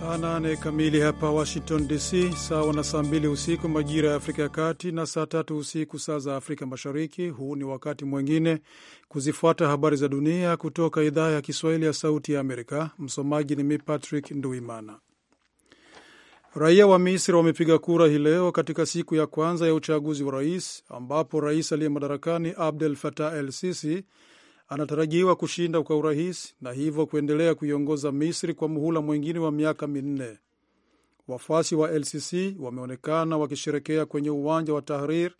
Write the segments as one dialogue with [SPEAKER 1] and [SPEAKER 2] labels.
[SPEAKER 1] Saa nane kamili hapa Washington DC, sawa na saa mbili usiku majira ya Afrika ya Kati na saa tatu usiku saa za Afrika Mashariki. Huu ni wakati mwingine kuzifuata habari za dunia kutoka idhaa ya Kiswahili ya Sauti ya Amerika. Msomaji ni mi Patrick Nduimana. Raia wa Misri wamepiga kura hii leo katika siku ya kwanza ya uchaguzi wa rais, ambapo rais aliye madarakani Abdel Fattah el Sisi anatarajiwa kushinda kwa urahisi na hivyo kuendelea kuiongoza Misri kwa muhula mwingine wa miaka minne. Wafuasi wa LCC wameonekana wakisherekea kwenye uwanja wa Tahrir,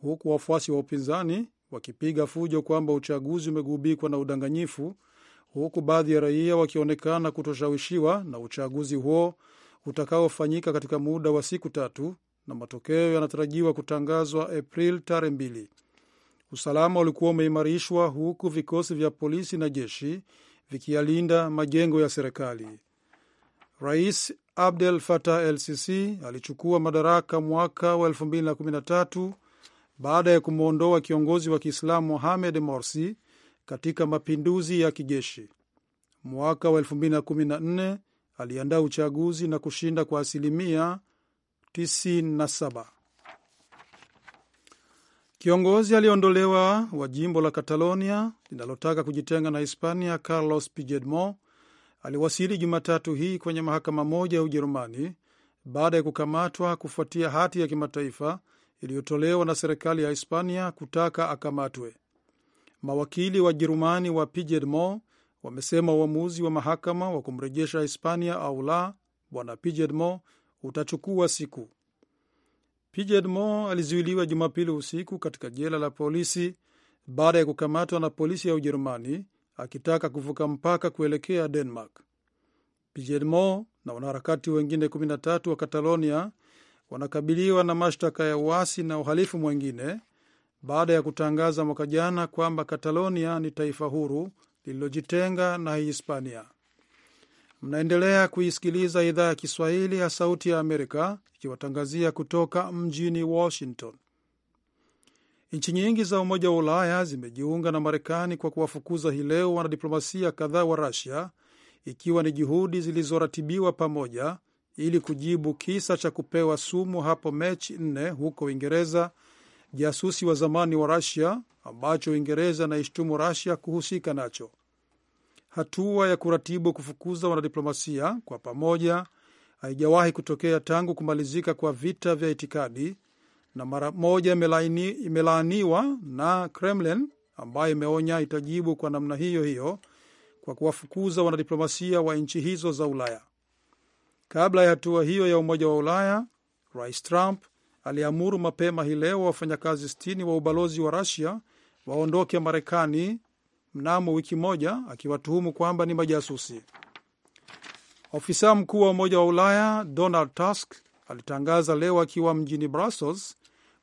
[SPEAKER 1] huku wafuasi wa upinzani wakipiga fujo kwamba uchaguzi umegubikwa na udanganyifu, huku baadhi ya raia wakionekana kutoshawishiwa na uchaguzi huo utakaofanyika katika muda wa siku tatu, na matokeo yanatarajiwa kutangazwa april tarehe mbili. Usalama ulikuwa umeimarishwa huku vikosi vya polisi na jeshi vikiyalinda majengo ya serikali. Rais Abdel Fattah El Sisi alichukua madaraka mwaka wa 2013 baada ya kumwondoa kiongozi wa Kiislamu Mohamed Morsi katika mapinduzi ya kijeshi. Mwaka wa 2014 aliandaa uchaguzi na kushinda kwa asilimia 97. Kiongozi aliyeondolewa wa jimbo la Catalonia linalotaka kujitenga na Hispania, Carlos Puigdemont aliwasili Jumatatu hii kwenye mahakama moja ya Ujerumani baada ya kukamatwa kufuatia hati ya kimataifa iliyotolewa na serikali ya Hispania kutaka akamatwe. Mawakili wa Jerumani wa Puigdemont wamesema uamuzi wa mahakama wa kumrejesha Hispania au la bwana Puigdemont utachukua siku. Puigdemont alizuiliwa Jumapili usiku katika jela la polisi baada ya kukamatwa na polisi ya Ujerumani akitaka kuvuka mpaka kuelekea Denmark. Puigdemont na wanaharakati wengine 13 wa Catalonia wanakabiliwa na mashtaka ya uasi na uhalifu mwengine baada ya kutangaza mwaka jana kwamba Catalonia ni taifa huru lililojitenga na Hispania. Mnaendelea kuisikiliza idhaa ya Kiswahili ya Sauti ya Amerika ikiwatangazia kutoka mjini Washington. Nchi nyingi za Umoja wa Ulaya zimejiunga na Marekani kwa kuwafukuza hii leo wanadiplomasia kadhaa wa Rusia, ikiwa ni juhudi zilizoratibiwa pamoja ili kujibu kisa cha kupewa sumu hapo Mechi nne huko Uingereza, jasusi wa zamani wa Rusia ambacho Uingereza anaishtumu Rusia kuhusika nacho hatua ya kuratibu kufukuza wanadiplomasia kwa pamoja haijawahi kutokea tangu kumalizika kwa vita vya itikadi na mara moja imelaaniwa na Kremlin ambayo imeonya itajibu kwa namna hiyo hiyo kwa kuwafukuza wanadiplomasia wa nchi hizo za Ulaya. Kabla ya hatua hiyo ya Umoja wa Ulaya, Rais Trump aliamuru mapema hii leo wafanyakazi sitini wa ubalozi wa Rusia waondoke Marekani mnamo wiki moja akiwatuhumu kwamba ni majasusi. Ofisa mkuu wa Umoja wa Ulaya Donald Tusk alitangaza leo akiwa mjini Brussels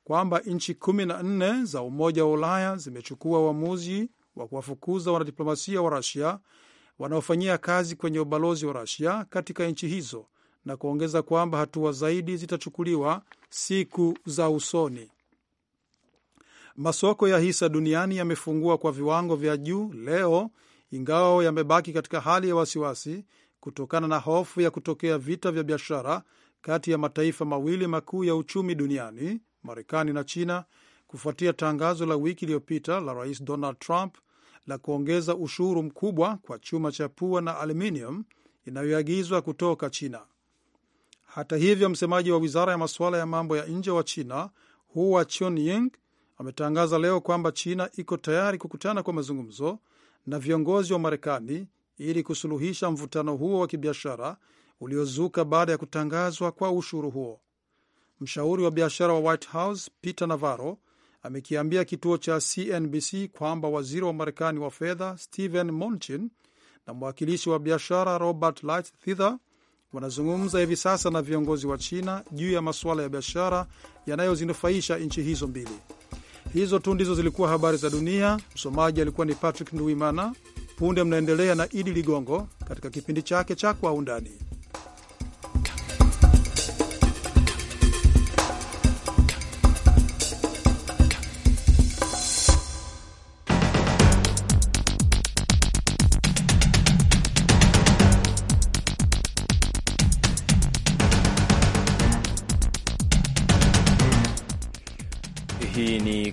[SPEAKER 1] kwamba nchi kumi na nne za Umoja wa Ulaya zimechukua uamuzi wa kuwafukuza wanadiplomasia wa Rasia wanaofanyia kazi kwenye ubalozi wa Rasia katika nchi hizo na kuongeza kwamba hatua zaidi zitachukuliwa siku za usoni. Masoko ya hisa duniani yamefungua kwa viwango vya juu leo, ingawa yamebaki katika hali ya wasiwasi kutokana na hofu ya kutokea vita vya biashara kati ya mataifa mawili makuu ya uchumi duniani, Marekani na China, kufuatia tangazo la wiki iliyopita la Rais Donald Trump la kuongeza ushuru mkubwa kwa chuma cha pua na aluminium inayoagizwa kutoka China. Hata hivyo, msemaji wa wizara ya masuala ya mambo ya nje wa China Hua Chunying ametangaza leo kwamba China iko tayari kukutana kwa mazungumzo na viongozi wa Marekani ili kusuluhisha mvutano huo wa kibiashara uliozuka baada ya kutangazwa kwa ushuru huo. Mshauri wa biashara wa White House Peter Navarro amekiambia kituo cha CNBC kwamba waziri wa Marekani wa fedha Steven Mnuchin na mwakilishi wa biashara Robert Lighthizer wanazungumza hivi sasa na viongozi wa China juu ya masuala ya biashara yanayozinufaisha nchi hizo mbili. Hizo tu ndizo zilikuwa habari za dunia. Msomaji alikuwa ni Patrick Nduimana. Punde mnaendelea na Idi Ligongo katika kipindi chake cha Kwa Undani.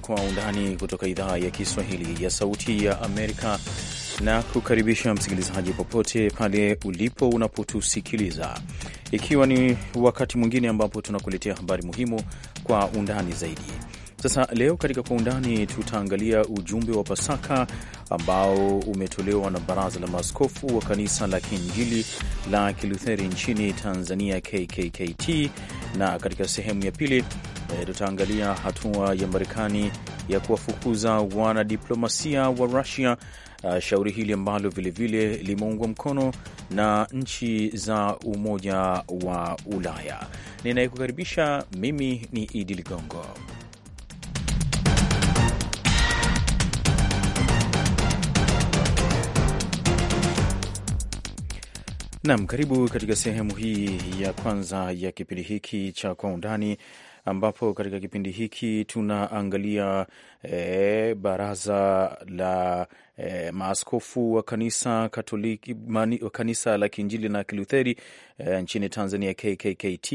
[SPEAKER 2] Kwa Undani kutoka idhaa ya Kiswahili ya Sauti ya Amerika, na kukaribisha msikilizaji popote pale ulipo unapotusikiliza, ikiwa ni wakati mwingine ambapo tunakuletea habari muhimu kwa undani zaidi. Sasa leo katika Kwa Undani tutaangalia ujumbe wa Pasaka ambao umetolewa na Baraza la Maaskofu wa Kanisa la Kiinjili la Kilutheri nchini Tanzania, KKKT, na katika sehemu ya pili E, tutaangalia hatua ya Marekani ya kuwafukuza wanadiplomasia wa Rusia, eh, shauri hili ambalo vilevile limeungwa mkono na nchi za Umoja wa Ulaya. Ninayekukaribisha mimi ni Idi Ligongo. Naam, karibu katika sehemu hii ya kwanza ya kipindi hiki cha Kwa Undani ambapo katika kipindi hiki tunaangalia e, baraza la e, maaskofu wa kanisa Katoliki, mani, wa kanisa la Kiinjili na Kilutheri e, nchini Tanzania KKKT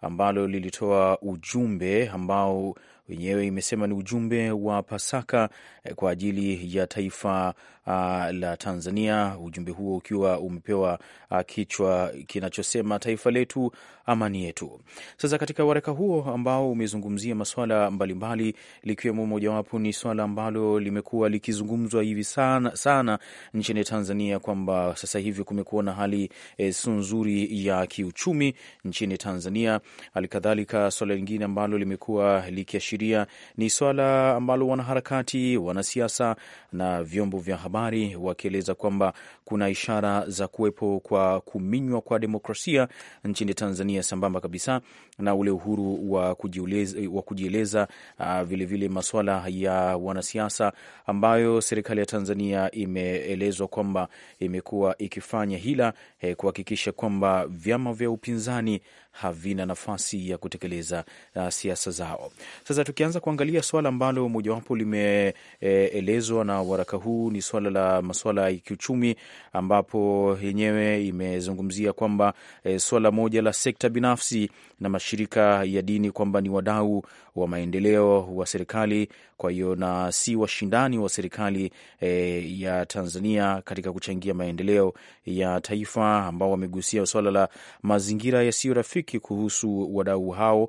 [SPEAKER 2] ambalo lilitoa ujumbe ambao wenyewe imesema ni ujumbe wa Pasaka kwa ajili ya taifa uh, la Tanzania, ujumbe huo ukiwa umepewa uh, kichwa kinachosema taifa letu, amani yetu. Sasa katika waraka huo ambao umezungumzia masuala mbalimbali, likiwemo mojawapo ni swala ambalo limekuwa likizungumzwa hivi sana, sana nchini Tanzania kwamba sasa hivi kumekuwa na hali e, si nzuri ya kiuchumi nchini Tanzania. Halikadhalika, swala lingine ambalo limekuwa likiashiria ni swala ambalo wanaharakati wa wanasiasa na vyombo vya habari wakieleza kwamba kuna ishara za kuwepo kwa kuminywa kwa demokrasia nchini Tanzania, sambamba kabisa na ule uhuru wa kujieleza, wa kujieleza vilevile ah, vile maswala ya wanasiasa ambayo serikali ya Tanzania imeelezwa kwamba imekuwa ikifanya hila eh, kuhakikisha kwamba vyama vya upinzani havina nafasi ya kutekeleza uh, siasa zao. Sasa tukianza kuangalia swala ambalo mojawapo limeelezwa e, na waraka huu ni swala la masuala ya kiuchumi, ambapo yenyewe imezungumzia kwamba e, swala moja la sekta binafsi na mash mashirika ya dini kwamba ni wadau wa maendeleo wa serikali, kwa hiyo na si washindani wa serikali e, ya Tanzania katika kuchangia maendeleo ya taifa, ambao wamegusia swala la mazingira yasiyo rafiki kuhusu wadau hao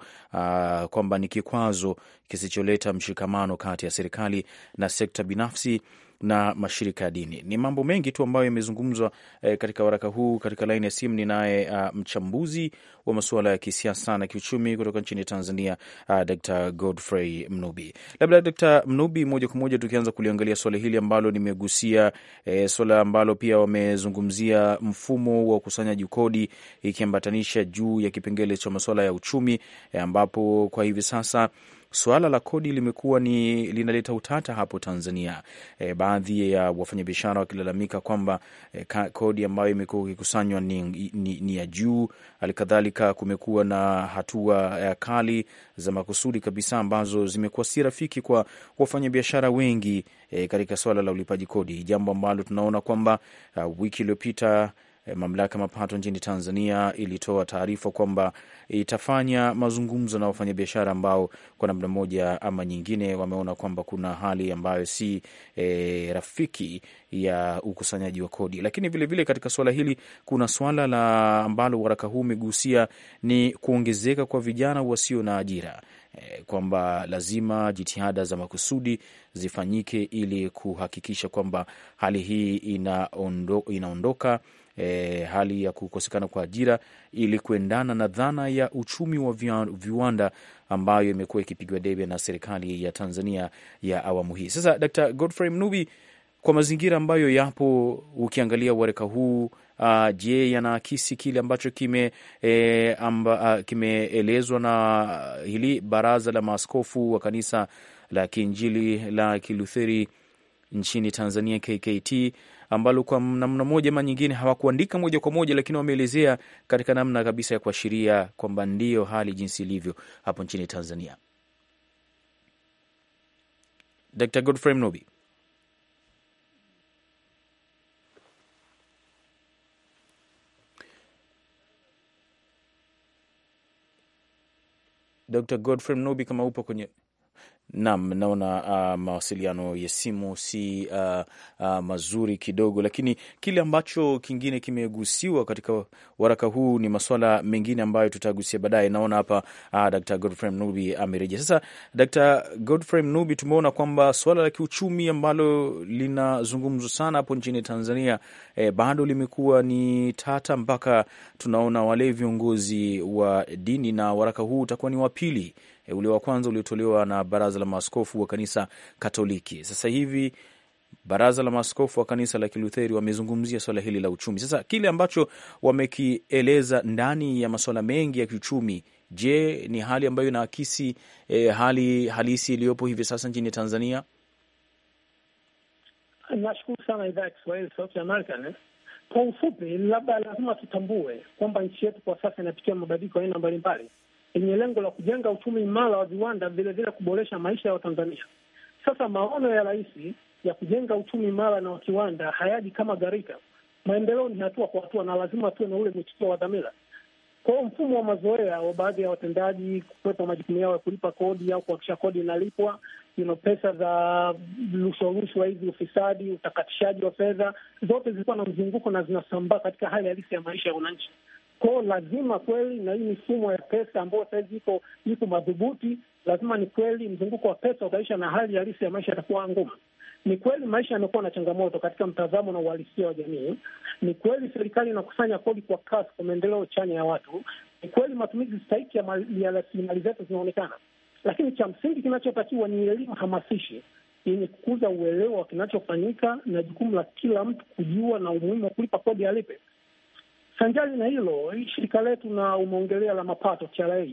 [SPEAKER 2] kwamba ni kikwazo kisicholeta mshikamano kati ya serikali na sekta binafsi na mashirika ya dini. Ni mambo mengi tu ambayo yamezungumzwa eh, katika waraka huu. Katika laini ya simu ninaye uh, ah, mchambuzi wa masuala ya kisiasa na kiuchumi kutoka nchini Tanzania, uh, Dr. Godfrey Mnubi. Labda Dr. Mnubi, moja kwa moja tukianza kuliangalia swala hili ambalo nimegusia, eh, swala ambalo pia wamezungumzia mfumo wa ukusanyaji kodi ikiambatanisha juu ya kipengele cha masuala ya uchumi eh, ambapo kwa hivi sasa Suala la kodi limekuwa ni linaleta utata hapo Tanzania. E, baadhi ya wafanyabiashara wakilalamika kwamba e, kodi ambayo imekuwa ikikusanywa ni, ni, ni ya juu. Halikadhalika kumekuwa na hatua ya e, kali za makusudi kabisa ambazo zimekuwa si rafiki kwa wafanyabiashara wengi e, katika suala la ulipaji kodi, jambo ambalo tunaona kwamba uh, wiki iliyopita Eh, mamlaka mapato nchini Tanzania ilitoa taarifa kwamba itafanya mazungumzo na wafanyabiashara ambao kwa namna moja ama nyingine wameona kwamba kuna hali ambayo si e, rafiki ya ukusanyaji wa kodi. Lakini vilevile vile katika suala hili kuna suala la ambalo waraka huu umegusia ni kuongezeka kwa vijana wasio na ajira eh, kwamba lazima jitihada za makusudi zifanyike ili kuhakikisha kwamba hali hii inaondo, inaondoka e, hali ya kukosekana kwa ajira ili kuendana na dhana ya uchumi wa viwanda ambayo imekuwa ikipigwa debe na serikali ya Tanzania ya awamu hii. Sasa dr Godfrey Mnubi, kwa mazingira ambayo yapo, ukiangalia waraka huu Uh, je, yanaakisi kile ambacho e, kimeelezwa eh, uh, kime na hili baraza la maaskofu wa kanisa la Kiinjili la Kilutheri nchini Tanzania KKT ambalo kwa namna moja ama nyingine hawakuandika moja kwa moja, lakini wameelezea katika namna kabisa ya kuashiria kwamba ndiyo hali jinsi ilivyo hapo nchini Tanzania. Dr. Godfrey Mnubi. Dr. Godfrey Mnubi, kama upo kwenye Naam, naona uh, mawasiliano ya simu si uh, uh, mazuri kidogo, lakini kile ambacho kingine kimegusiwa katika waraka huu ni masuala mengine ambayo tutagusia baadaye. Naona hapa uh, Dr. Godfrey Mnubi amerejea sasa. Dr. Godfrey Mnubi, tumeona kwamba suala la kiuchumi ambalo linazungumzwa sana hapo nchini Tanzania eh, bado limekuwa ni tata, mpaka tunaona wale viongozi wa dini, na waraka huu utakuwa ni wa pili e, ule wa kwanza uliotolewa na Baraza la Maaskofu wa Kanisa Katoliki. Sasa hivi Baraza la Maaskofu wa Kanisa la Kilutheri wamezungumzia swala hili la uchumi. Sasa kile ambacho wamekieleza ndani ya masuala mengi ya kiuchumi Je, ni hali ambayo inaakisi e, hali halisi iliyopo hivi sasa nchini Tanzania?
[SPEAKER 3] Nashukuru sana idhaa ya Kiswahili Sauti ya Amerika. Eh. Kwa ufupi, labda lazima tutambue kwamba nchi yetu kwa sasa inapitia mabadiliko aina mbalimbali, yenye lengo la kujenga uchumi imara wa viwanda, vilevile kuboresha maisha ya Watanzania. Sasa maono ya Rais ya kujenga uchumi imara na wa kiwanda hayaji kama gharika. Maendeleo ni hatua kwa hatua, na lazima tuwe na ule mwitikio wa dhamira. Kwa hiyo mfumo wa mazoea wa baadhi ya watendaji kukwepa majukumu yao ya kulipa kodi au kuhakikisha kodi inalipwa, you know, pesa za rushwarushwa hizi, ufisadi, utakatishaji wa fedha, zote zilikuwa na mzunguko na zinasambaa katika hali halisi ya maisha ya wananchi kwao. Lazima kweli, na hii mifumo ya pesa ambayo sahizi iko iko madhubuti, lazima ni kweli mzunguko wa pesa utaisha na hali halisi ya maisha yatakuwa ngumu. Ni kweli maisha yamekuwa na changamoto katika mtazamo na uhalisia wa jamii. Ni kweli serikali inakusanya kodi kwa kasi kwa maendeleo chanya ya watu. Ni kweli matumizi stahiki ya rasilimali zetu zinaonekana, lakini cha msingi kinachotakiwa ni elimu hamasishi yenye kukuza uelewa wa kinachofanyika na jukumu la kila mtu kujua na umuhimu wa kulipa kodi alipe. Sanjari na hilo, shirika letu na umeongelea la mapato TRA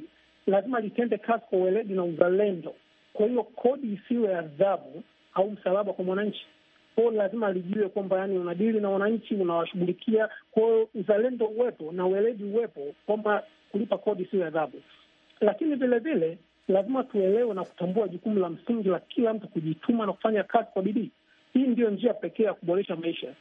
[SPEAKER 3] lazima litende kazi kwa weledi na uzalendo. Kwa hiyo kodi isiwe adhabu au msalaba kwa mwananchi ko lazima lijue kwamba yani unadili na wananchi, unawashughulikia. Kwa hiyo uzalendo uwepo na ueledi uwepo, kwamba kulipa kodi isiwe adhabu. Lakini vile vile lazima tuelewe na kutambua jukumu la msingi la kila mtu kujituma na kufanya kazi kwa bidii. Hii ndiyo njia pekee ya kuboresha maisha.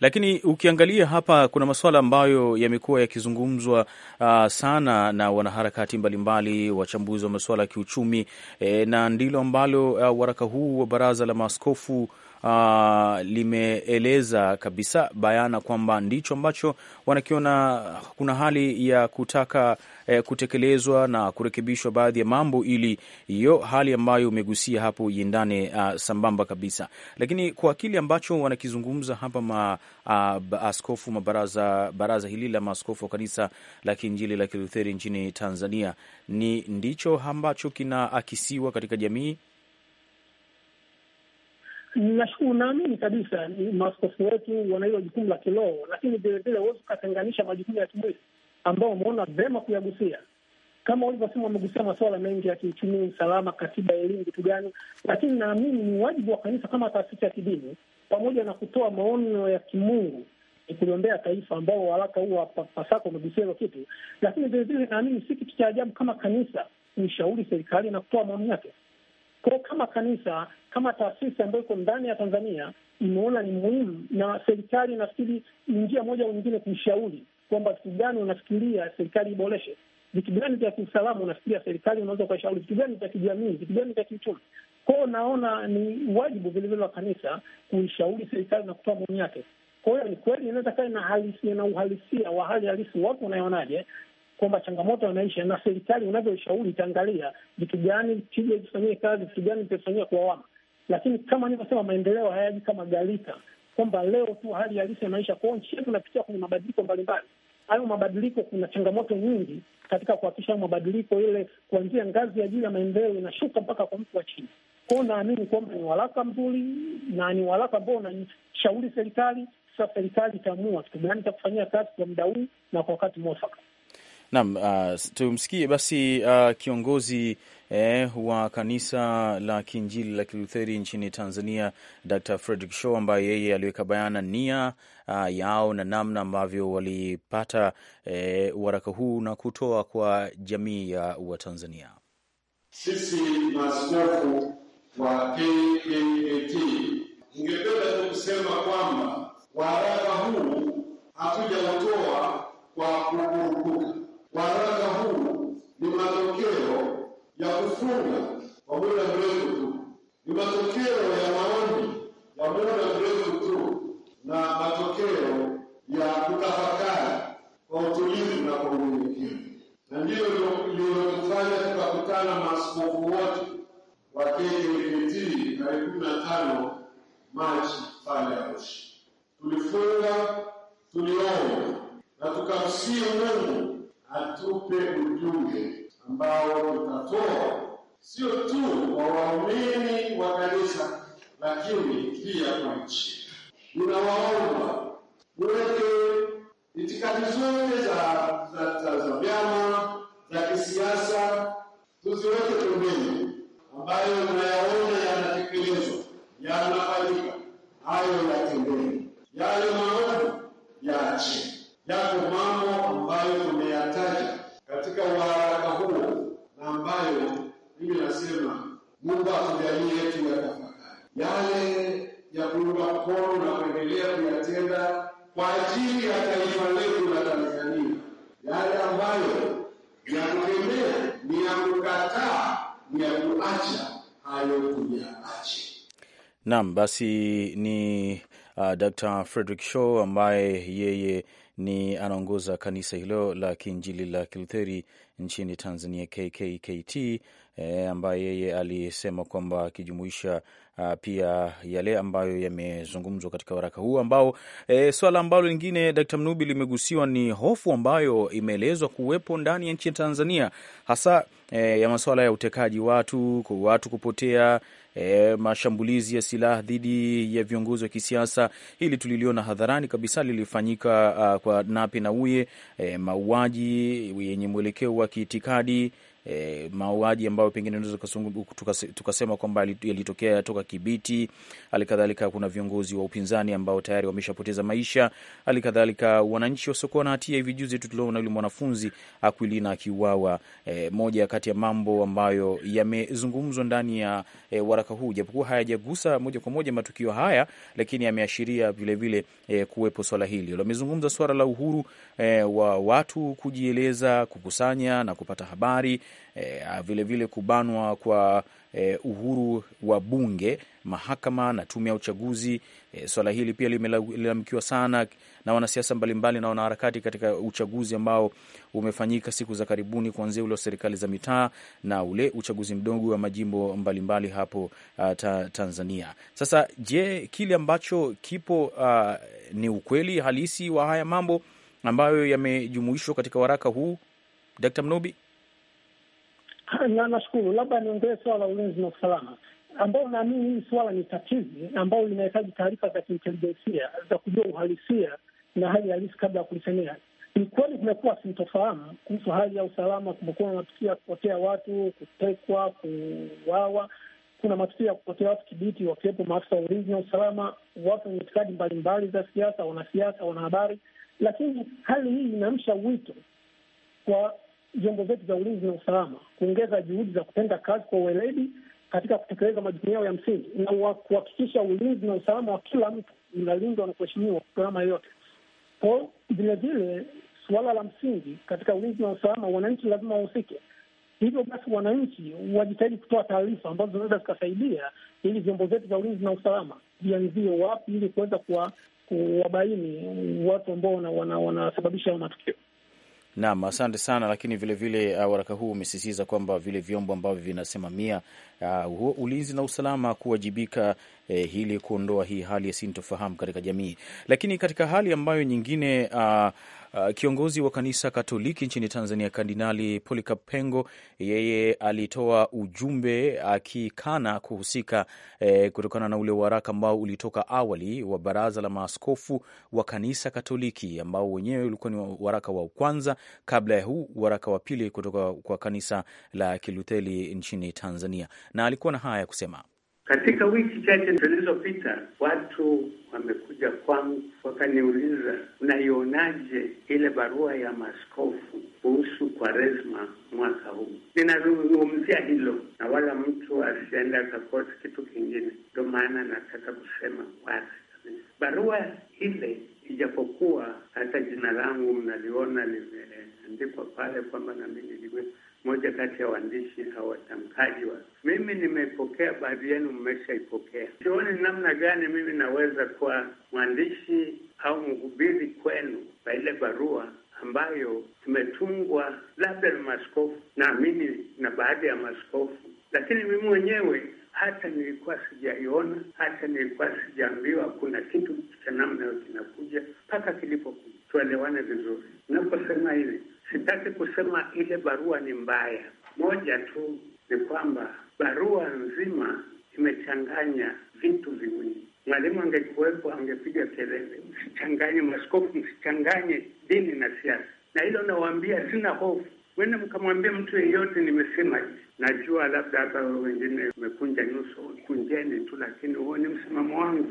[SPEAKER 2] Lakini ukiangalia hapa, kuna masuala ambayo yamekuwa yakizungumzwa uh, sana na wanaharakati mbalimbali, wachambuzi wa masuala ya kiuchumi e, na ndilo ambalo uh, waraka huu wa baraza la maaskofu uh, limeeleza kabisa bayana kwamba ndicho ambacho wanakiona kuna hali ya kutaka eh, kutekelezwa na kurekebishwa baadhi ya mambo, ili hiyo hali ambayo umegusia hapo iendane uh, sambamba kabisa. Lakini kwa kile ambacho wanakizungumza hapa ma, uh, askofu mabaraza, baraza hili la maaskofu wa kanisa la Kiinjili la Kilutheri nchini Tanzania, ni ndicho ambacho kinaakisiwa katika jamii
[SPEAKER 3] Nashukuru, naamini kabisa maaskofu wetu wana hilo jukumu la kiroho, lakini vilevile huwezi ukatenganisha majukumu ya kimwili ambao umeona vema kuyagusia, kama ulivyosema, wamegusia masuala mengi ya kiuchumi, usalama, katiba, elimu, vitu gani, lakini naamini ni wajibu wa kanisa kama taasisi ya kidini, pamoja na kutoa maono ya kimungu ni kuliombea taifa, ambao waraka huo wa Pasaka umegusia hilo kitu, lakini vilevile naamini si kitu cha ajabu kama kanisa kuishauri serikali na kutoa maoni yake. Kwa kama kanisa kama taasisi ambayo iko ndani ya Tanzania imeona ni muhimu, na serikali nafikiri ni njia moja au nyingine kuishauri kwamba vitu gani unafikiria serikali iboreshe, vitu gani vya kiusalama unafikiria serikali unaweza ukaishauri, vitu gani vya kijamii, vitu gani vya kiuchumi. Kwao naona ni wajibu vilevile wa kanisa kuishauri serikali na kutoa maoni yake. Kwa hiyo ni kweli inaweza kaa na uhalisia wa hali halisi, watu wanaonaje, kwamba changamoto wanaisha na serikali unavyoshauri itaangalia vitu gani tija ifanyie kazi, vitu gani vitafanyia kwa wama. Lakini kama nilivyosema, maendeleo hayaji kama galika kwamba leo tu hali halisi ya maisha kwao. Nchi yetu inapitia kwenye mabadiliko mbalimbali. Hayo mabadiliko, kuna changamoto nyingi katika kuhakikisha mabadiliko ile, kuanzia ngazi ya juu ya maendeleo inashuka mpaka kwa mtu wa chini kwao. Naamini kwamba ni waraka mzuri na ni waraka ambao unashauri serikali. Sasa serikali itaamua kitu gani cha kufanyia kazi kwa muda huu na kwa wakati mwafaka.
[SPEAKER 2] Naam, uh, tumsikie basi uh, kiongozi eh, wa kanisa la Kiinjili la Kilutheri nchini Tanzania Dr. Frederick Shaw ambaye yeye aliweka bayana nia uh, yao na namna ambavyo walipata eh, waraka huu na kutoa kwa jamii ya Watanzania.
[SPEAKER 4] Sisi maaskofu wa AAAT, ningependa tu kusema kwamba
[SPEAKER 2] Naam, basi ni uh, Dr. Frederick Shaw ambaye yeye ni anaongoza kanisa hilo la Kiinjili la Kilutheri nchini Tanzania KKKT, e, eh, ambaye yeye alisema kwamba akijumuisha uh, pia yale ambayo yamezungumzwa katika waraka huu ambao e, swala ambalo lingine d Mnubi limegusiwa ni hofu ambayo imeelezwa kuwepo ndani ya nchi ya Tanzania hasa e, ya masuala ya utekaji watu, watu kupotea e, mashambulizi ya silaha dhidi ya viongozi wa kisiasa. Hili tuliliona hadharani kabisa, lilifanyika uh, kwa Nape Nnauye, e, mauaji yenye mwelekeo wa kiitikadi e, mauaji ambayo pengine unaweza tukasema kwamba yalitokea toka Kibiti. Halikadhalika, kuna viongozi wa upinzani ambao tayari wameshapoteza maisha. Halikadhalika, wananchi wasiokuwa na hatia. Hivi juzi tu tuliona yule mwanafunzi Akwilina akiuawa. E, moja kati ya mambo ambayo yamezungumzwa ndani ya e, waraka huu, japokuwa hayajagusa moja kwa moja matukio haya, lakini yameashiria vilevile e, kuwepo swala hili. Wamezungumza swala la uhuru e, wa watu kujieleza, kukusanya na kupata habari vilevile eh, ah, vile kubanwa kwa eh, uhuru wa bunge, mahakama na tume ya uchaguzi. Eh, swala hili pia limelalamikiwa sana na wanasiasa mbalimbali na wanaharakati katika uchaguzi ambao umefanyika siku za karibuni, kuanzia ule wa serikali za mitaa na ule uchaguzi mdogo wa majimbo mbalimbali mbali hapo ah, ta, Tanzania. Sasa je, kile ambacho kipo uh, ni ukweli halisi wa haya mambo ambayo yamejumuishwa katika waraka huu Dkt. Mnubi?
[SPEAKER 3] Na nashukuru, labda niongelee swala la ulinzi na usalama ambao naamini hili swala ni tatizi ambayo linahitaji taarifa za kiintelijensia za kujua uhalisia na hali halisi kabla ya kulisemea. Ni kweli kumekuwa sintofahamu kuhusu hali ya usalama. Kumekuwa na matukio ya kupotea watu, kutekwa, kuwawa. Kuna matukio ya kupotea watu Kibiti, wakiwepo maafisa wa ulinzi na usalama, watu wenye itikadi mbalimbali za siasa, wanasiasa, wanahabari. Lakini hali hii inaamsha wito kwa vyombo vyetu vya ulinzi na usalama kuongeza juhudi za kutenda kazi kwa uweledi katika kutekeleza majukumu yao ya msingi na kuhakikisha ulinzi na usalama wa kila mtu unalindwa na kuheshimiwa gharama yoyote. Kwa vilevile, suala la msingi katika ulinzi na usalama, wananchi lazima wahusike. Hivyo basi, wananchi wajitahidi kutoa taarifa ambazo zinaweza zikasaidia ili vyombo vyetu vya ulinzi na usalama vianzie wapi, ili kuweza kuwabaini watu ambao wanasababisha hayo matukio.
[SPEAKER 2] Naam, asante sana. Lakini vilevile uh, waraka huu umesisitiza kwamba vile vyombo ambavyo vinasimamia uh, ulinzi na usalama kuwajibika eh, ili kuondoa hii hali ya sintofahamu katika jamii. Lakini katika hali ambayo nyingine uh, Uh, kiongozi wa kanisa Katoliki nchini Tanzania Kardinali Polycarp Pengo yeye alitoa ujumbe akikana kuhusika e, kutokana na ule waraka ambao ulitoka awali wa Baraza la Maaskofu wa Kanisa Katoliki ambao wenyewe ulikuwa ni waraka wa kwanza kabla ya huu waraka wa pili kutoka kwa kanisa la kilutheli nchini Tanzania, na alikuwa na haya ya kusema.
[SPEAKER 5] Katika wiki chache zilizopita watu wamekuja kwangu wakaniuliza, unaionaje ile barua ya maskofu kuhusu Kwaresma mwaka huu? Ninazungumzia hilo na wala mtu asiende akakosa kitu kingine. Ndio maana nataka kusema wazi kabisa, barua ile ijapokuwa hata jina langu mnaliona limeandikwa pale kwamba nami niliwe moja kati ya waandishi au watamkaji wa mimi nimeipokea, baadhi yenu mmeshaipokea. Sioni namna gani mimi naweza kuwa mwandishi au mhubiri kwenu kwa ile barua ambayo imetungwa labda na maskofu, naamini na baadhi ya maskofu, lakini mimi mwenyewe hata nilikuwa sijaiona, hata nilikuwa sijaambiwa kuna kitu cha namna hiyo kinakuja, mpaka kilipokuja. Tuelewane vizuri, naposema hili Sitaki kusema ile barua ni mbaya. Moja tu ni kwamba barua nzima imechanganya vitu viwili. Mwalimu angekuwepo angepiga kelele, msichanganye maskofu, msichanganye dini na siasa. Na hilo nawaambia, sina hofu. Wende mkamwambia mtu yeyote nimesema hivi. Najua labda hapa wengine umekunja nyuso, kunjeni tu, lakini huo ni msimamo wangu.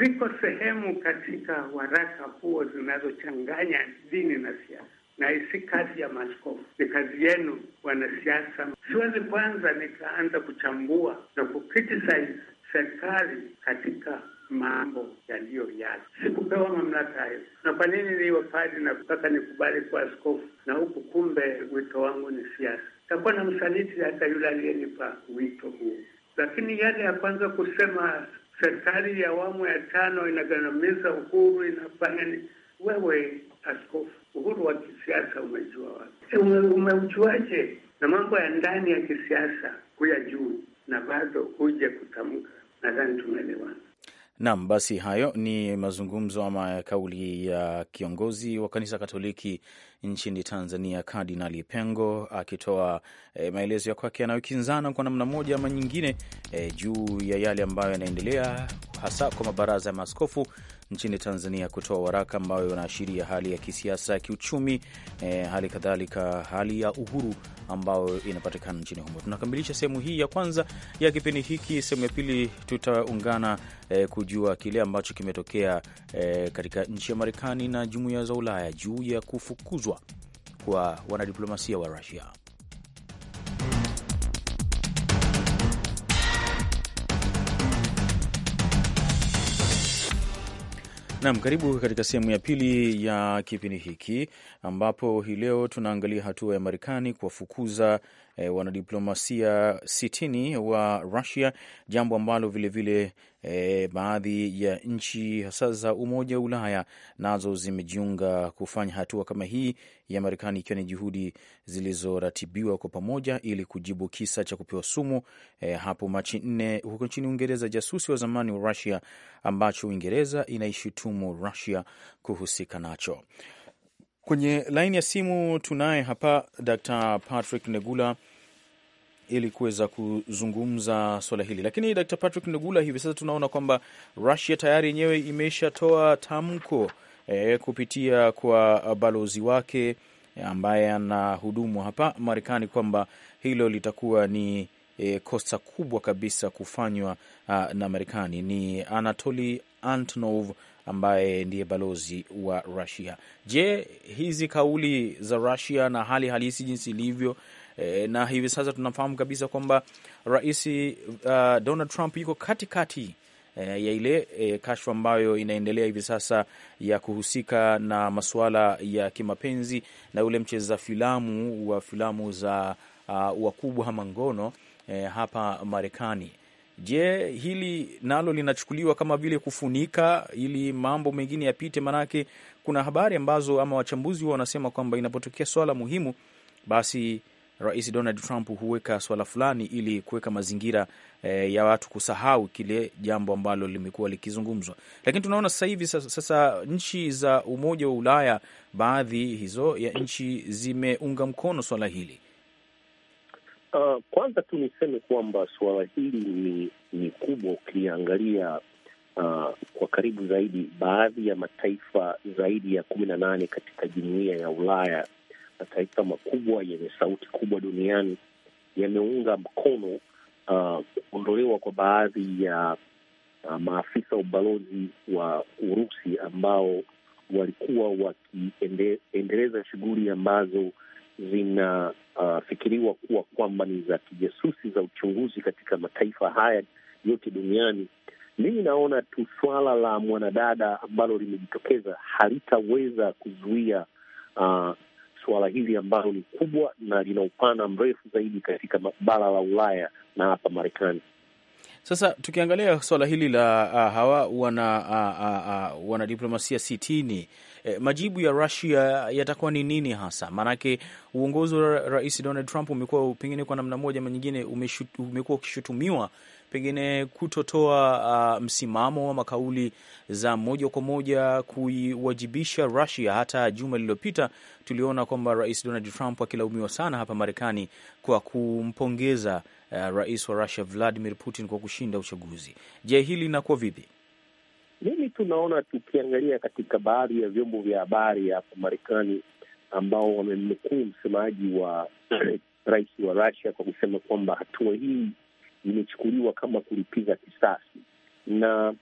[SPEAKER 5] Ziko sehemu katika waraka huo zinazochanganya dini na siasa na isi kazi ya maskofu ni kazi yenu wanasiasa. Siwezi kwanza nikaanza kuchambua na kukritisize serikali katika mambo yaliyo yale. Sikupewa mamlaka hayo, na kwa nini niwe padri na mpaka nikubali kuwa askofu, na huku kumbe wito wangu ni siasa? Takuwa na msaliti hata yule aliyenipa wito huo. Lakini yale ya kwanza kusema serikali ya awamu ya tano inagandamiza uhuru, inafanya ni wewe askofu. Uhuru wa kisiasa umejua wapi? Umeujuaje? Na mambo ya ndani ya kisiasa kuya juu na bado huje kutamka. Nadhani tumeelewana.
[SPEAKER 2] Naam, basi hayo ni mazungumzo ama kauli ya kiongozi wa kanisa Katoliki nchini Tanzania, Kardinali Pengo akitoa e, maelezo ya kwake yanayokinzana kwa namna moja ama nyingine e, juu ya yale ambayo yanaendelea hasa kwa mabaraza ya maskofu nchini Tanzania kutoa waraka ambayo inaashiria hali ya kisiasa ya kiuchumi, e, hali kadhalika hali ya uhuru ambayo inapatikana nchini humo. Tunakamilisha sehemu hii ya kwanza ya kipindi hiki. Sehemu ya pili tutaungana e, kujua kile ambacho kimetokea e, katika nchi ya Marekani na jumuiya za Ulaya juu ya kufukuzwa kwa wanadiplomasia wa Rusia. Nam, karibu katika sehemu ya pili ya kipindi hiki ambapo hii leo tunaangalia hatua ya Marekani kuwafukuza e, wanadiplomasia sitini wa Rusia, jambo ambalo vilevile e, baadhi ya nchi hasa za Umoja wa Ulaya nazo zimejiunga kufanya hatua kama hii ya Marekani, ikiwa ni juhudi zilizoratibiwa kwa pamoja ili kujibu kisa cha kupewa sumu e, hapo Machi nne huko nchini Uingereza, jasusi wa zamani wa Rusia ambacho Uingereza inaishutumu Rusia kuhusika nacho. Kwenye laini ya simu tunaye hapa Dr Patrick Negula ili kuweza kuzungumza swala hili. Lakini Dr. Patrick Ndugula, hivi sasa tunaona kwamba Russia tayari yenyewe imeshatoa tamko e, kupitia kwa balozi wake eh, ambaye anahudumu hapa Marekani kwamba hilo litakuwa ni e, kosa kubwa kabisa kufanywa a, ah, na Marekani. Ni Anatoli Antonov ambaye ndiye balozi wa Russia. Je, hizi kauli za Russia na hali halisi jinsi ilivyo e, na hivi sasa tunafahamu kabisa kwamba rais uh, Donald Trump yuko katikati e, ya ile e, kashfa ambayo inaendelea hivi sasa ya kuhusika na masuala ya kimapenzi na yule mcheza filamu wa filamu za uh, wakubwa ama ngono e, hapa Marekani. Je, hili nalo linachukuliwa kama vile kufunika ili mambo mengine yapite? Maanake kuna habari ambazo ama wachambuzi huwa wanasema kwamba inapotokea swala muhimu, basi Rais Donald Trump huweka swala fulani ili kuweka mazingira e, ya watu kusahau kile jambo ambalo limekuwa likizungumzwa. Lakini tunaona sasa hivi sasa, sasa nchi za Umoja wa Ulaya, baadhi hizo ya nchi zimeunga mkono swala hili.
[SPEAKER 6] Uh, kwanza tu niseme kwamba suala hili ni, ni kubwa ukiangalia uh, kwa karibu zaidi. Baadhi ya mataifa zaidi ya kumi na nane katika jumuiya ya Ulaya mataifa makubwa yenye sauti kubwa duniani yameunga mkono uh, kuondolewa kwa baadhi ya uh, maafisa ubalozi wa Urusi ambao walikuwa wakiendeleza shughuli ambazo zinafikiriwa uh, kuwa kwamba ni za kijasusi za uchunguzi katika mataifa haya yote duniani. Mimi naona tu swala la mwanadada ambalo limejitokeza halitaweza kuzuia uh, suala hili ambalo ni kubwa na lina upana mrefu zaidi katika bara la Ulaya na hapa Marekani.
[SPEAKER 2] Sasa tukiangalia swala hili la uh, hawa wana uh, ah, uh, ah, uh, wanadiplomasia sitini e, majibu ya Russia yatakuwa ni nini hasa? Maanake uongozi wa Rais Donald Trump umekuwa pengine kwa namna moja ama nyingine umekuwa ukishutumiwa pengine kutotoa uh, msimamo wa makauli za moja kwa moja kuiwajibisha Russia. Hata juma lililopita tuliona kwamba Rais Donald Trump akilaumiwa sana hapa Marekani kwa kumpongeza uh, rais wa Russia Vladimir Putin kwa kushinda uchaguzi. Je, hili linakuwa vipi?
[SPEAKER 6] Mimi tunaona tukiangalia katika baadhi ya vyombo vya habari hapa Marekani ambao wamemnukuu msemaji wa rais wa Russia kwa kusema kwamba hatua hii imechukuliwa kama kulipiza kisasi, na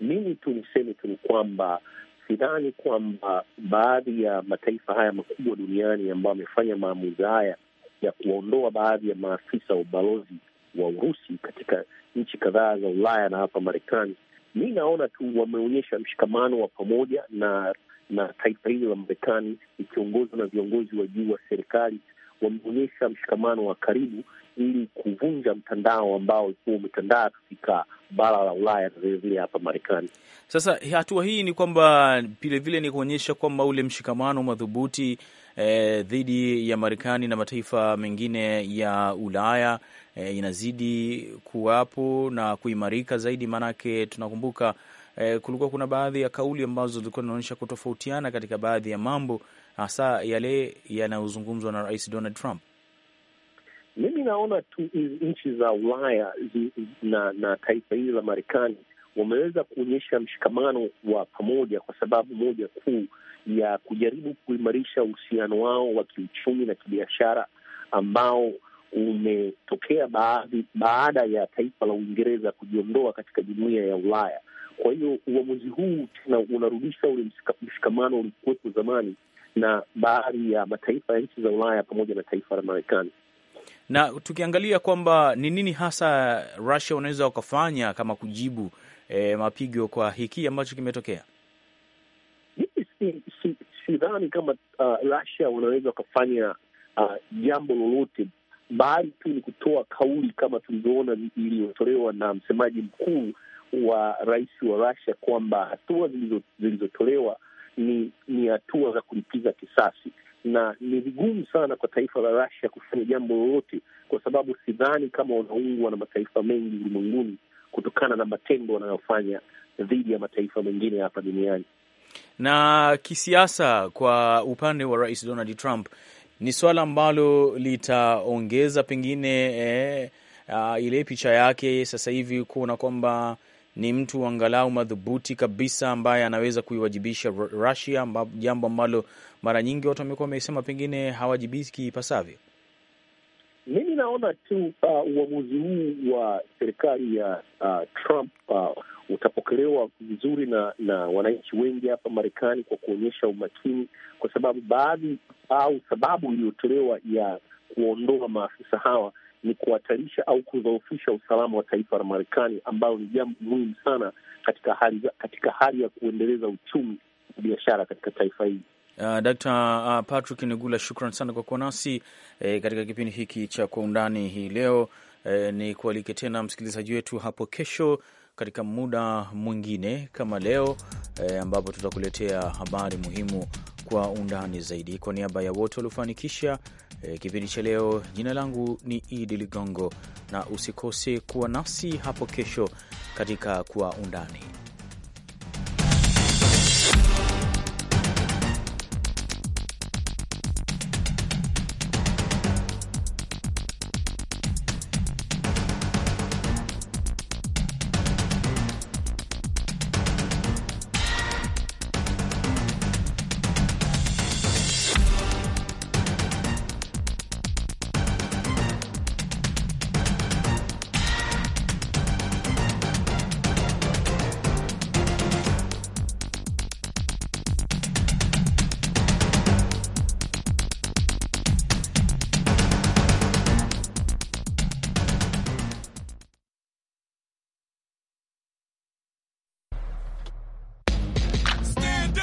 [SPEAKER 6] mimi tu niseme tu ni kwamba sidhani kwamba baadhi ya mataifa haya makubwa duniani ambayo amefanya maamuzi haya ya kuwaondoa baadhi ya maafisa wa ubalozi wa Urusi katika nchi kadhaa za Ulaya na hapa Marekani. Mi naona tu wameonyesha mshikamano wa pamoja na na taifa hili la Marekani ikiongozwa na viongozi wa juu wa serikali, wameonyesha mshikamano wa karibu ili kuvunja mtandao ambao ulikuwa umetandaa katika bara la Ulaya na vilevile hapa Marekani.
[SPEAKER 2] Sasa hatua hii ni kwamba vilevile ni kuonyesha kwamba ule mshikamano madhubuti e, dhidi ya Marekani na mataifa mengine ya Ulaya e, inazidi kuwapo na kuimarika zaidi, maanake tunakumbuka e, kulikuwa kuna baadhi ya kauli ambazo zilikuwa zinaonyesha kutofautiana katika baadhi ya mambo hasa yale yanayozungumzwa na Rais Donald Trump.
[SPEAKER 6] Mimi naona tu nchi za Ulaya zi, na, na taifa hili la Marekani wameweza kuonyesha mshikamano wa pamoja kwa sababu moja kuu ya kujaribu kuimarisha uhusiano wao wa kiuchumi na kibiashara ambao umetokea baadhi baada ya taifa la Uingereza kujiondoa katika jumuiya ya Ulaya. Kwa hiyo uamuzi huu tena unarudisha ule mshikamano ulikuwepo zamani na baadhi ya mataifa ya nchi za Ulaya pamoja na taifa la Marekani
[SPEAKER 2] na tukiangalia kwamba ni nini hasa Russia wanaweza wakafanya kama kujibu e, mapigo kwa hiki ambacho kimetokea
[SPEAKER 6] si, si, sidhani kama uh, Russia wanaweza wakafanya uh, jambo lolote, bali tu ni kutoa kauli kama tulivyoona iliyotolewa na msemaji mkuu wa rais wa Russia kwamba hatua zilizotolewa ni ni hatua za kulipiza kisasi, na ni vigumu sana kwa taifa la Russia kufanya jambo lolote, kwa sababu sidhani kama wanaungwa na mataifa mengi ulimwenguni kutokana na matendo wanayofanya dhidi ya mataifa mengine hapa duniani
[SPEAKER 2] na kisiasa kwa upande wa Rais Donald Trump ni swala ambalo litaongeza pengine eh, uh, ile picha yake sasa hivi kuona kwamba ni mtu angalau madhubuti kabisa ambaye anaweza kuiwajibisha Russia, jambo ambalo mara nyingi watu wamekuwa wamesema pengine hawajibiki ipasavyo.
[SPEAKER 6] Mimi naona tu uh, uamuzi huu wa serikali ya uh, Trump uh, utapokelewa vizuri na na wananchi wengi hapa Marekani kwa kuonyesha umakini, kwa sababu baadhi au sababu iliyotolewa ya kuondoa maafisa hawa ni kuhatarisha au kudhoofisha usalama wa taifa la Marekani, ambayo ni jambo muhimu sana katika hali, katika hali ya kuendeleza uchumi wa biashara katika taifa hili.
[SPEAKER 2] Uh, Dkt. Uh, Patrick Negula, shukran sana kwa kuwa nasi eh, katika kipindi hiki cha Kwa Undani hii leo. Eh, ni kualike tena msikilizaji wetu hapo kesho katika muda mwingine kama leo e, ambapo tutakuletea habari muhimu kwa undani zaidi. Kwa niaba ya wote waliofanikisha e, kipindi cha leo, jina langu ni Idi Ligongo, na usikose kuwa nasi hapo kesho katika Kwa Undani.